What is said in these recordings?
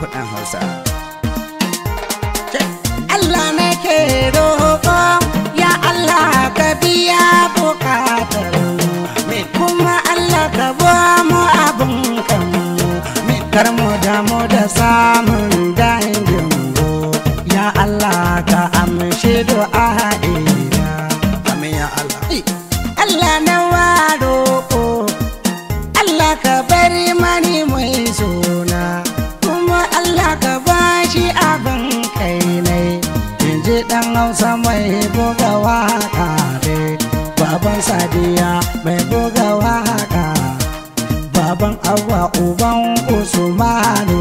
Put Al out. ji dan hausa mai buga waka ne baban sadiya mai buga waka baban awa uban usmanu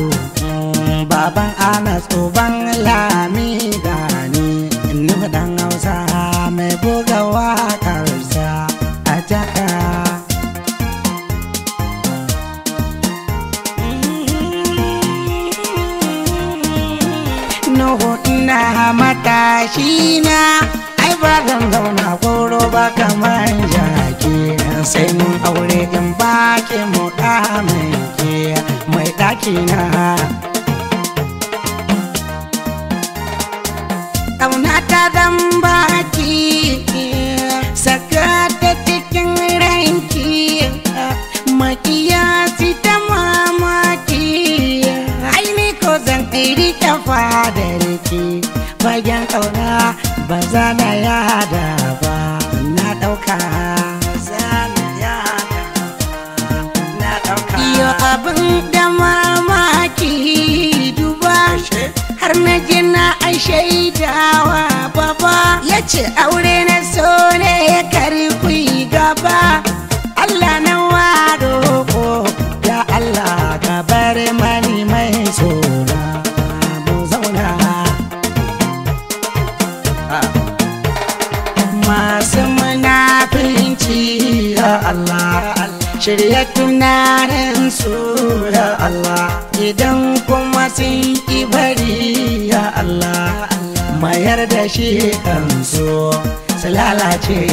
baban anas uban lami gani ni dan hausa mai buga waka bakina ƙauna ta dan baki saka ta cikin ranki makiya ta mamaki aini ko zan iri kafa da bayan ƙauna ba za na shaidawa baba ya ce aure na so ne ya kari gaba Allah na waro ko ya Allah ka bar mani mai sona mu zauna ah. masu munafinci ya Allah shirya tunanin ya Allah idan kuma sun ki bari ya Allah mayar da shi kan kansu su lalace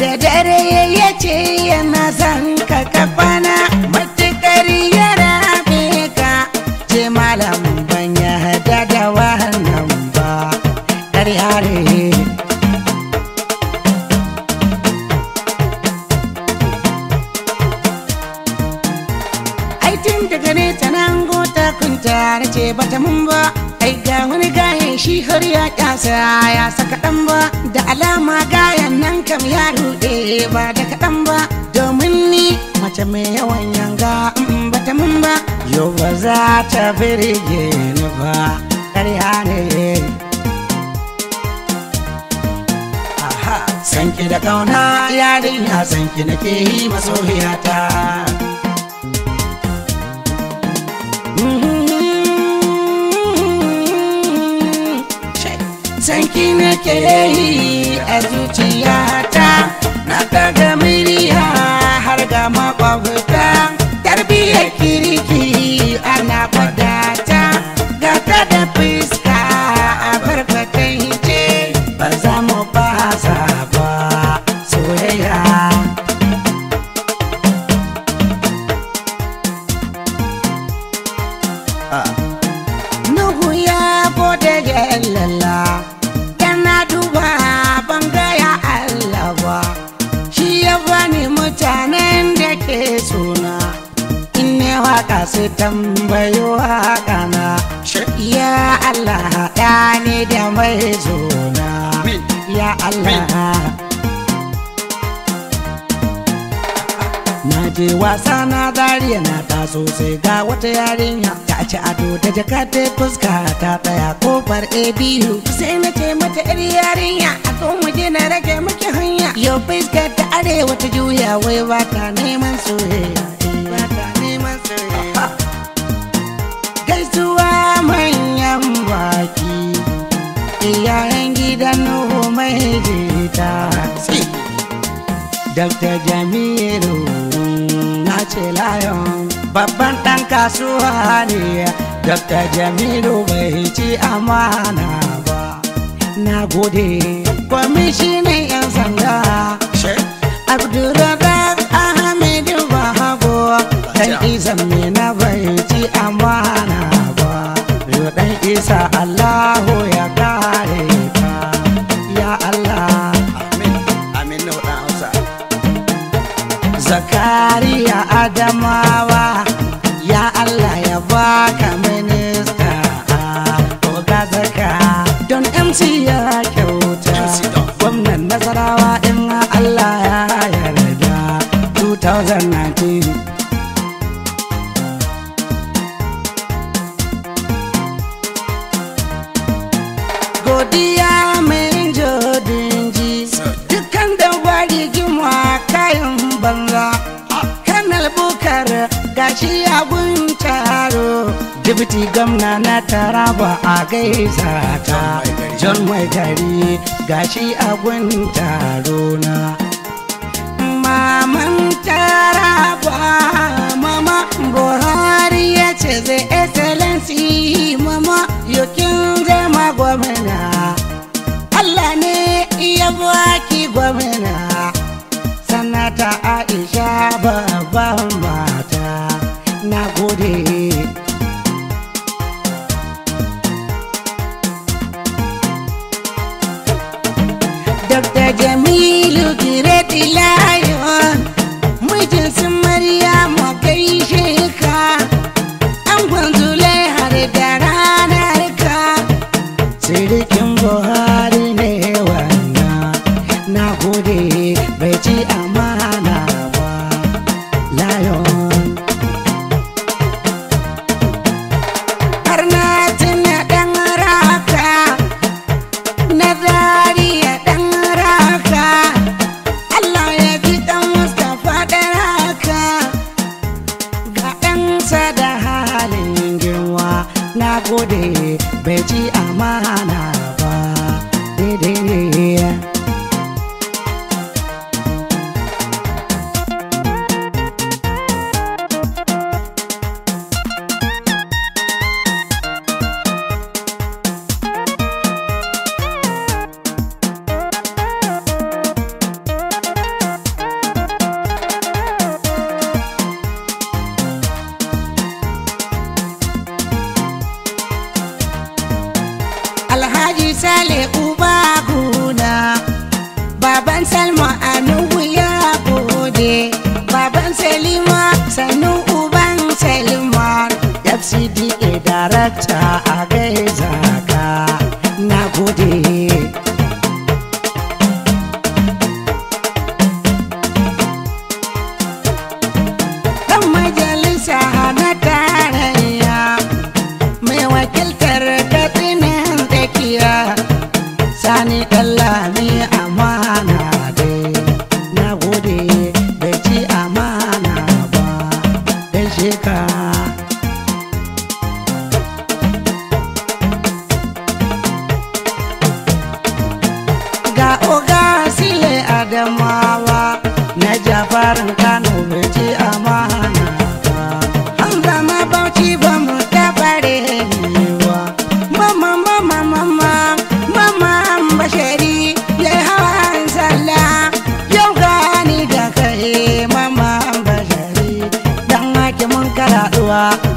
da dare ya ce yana son ka kafana matukar ya rabe ka ce malam ban ya hada da wannan ba ɗari hare aitin daga ne ta nan gota kunta na ce bata mun ba wani gayan shi har ya kyasa ya saka dan ba da alama gayan nan kam ya rude ba da kaɗan ba domin ni mace mai yawan yanga in mm, ta mun ba yau ba za ta birge ni ba ƙarya ne sanki da kauna yarinya sanki nake yi masoyiyata sanki nake yi a zuciyata na daga miliya har ga makwabta tarbiyyar kiriki ana kwadata ga ta da fuska a barkatai ce ba za mu suna in ne waka su tambayo haka na ya Allah haɗa ne da mai zona ya Allah je wasa na zariya na taso sai ga wata yarinya ta ci ado ta jaka ta fuska ta tsaya kofar abu sai na ce mata yar yarinya a zo waje na rage maki hanya yau fuska ta arewa ta juya wai ba ta neman soyayya gaisuwa manyan baki iyayen gidan nuhu mai jita Dr. Jamilu ce layon babban ɗan kasuwa ne dr jamilu bai ci amana ba na gode kwamishinin 'yan sanda abdurrahman ahmedu bahago dan isa mai na bai ci amana ba yo dan isa allah gashi a gun taro dibiti gamna na taraba a gaisa ta john mai gari gashi a gun taro na maman taraba mama buhari ya ce zai excellency mama yokin zama gwamna allah ne iya baki gwamna sanata aisha ba ilayo mijinsu maryamu gaishe sale uba guna baban salma anubu ya gode baban salima sanu uban salma fcda director ni dallami amana dai na gode da ci amana ba dai sheka ga oga sile adamawa na jafarin voar